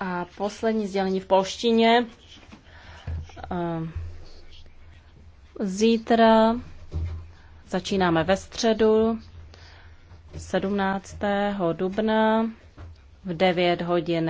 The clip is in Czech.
A poslední sdělení v polštině. Eh, zítra začínáme ve středu 17. dubna v 9 hodin.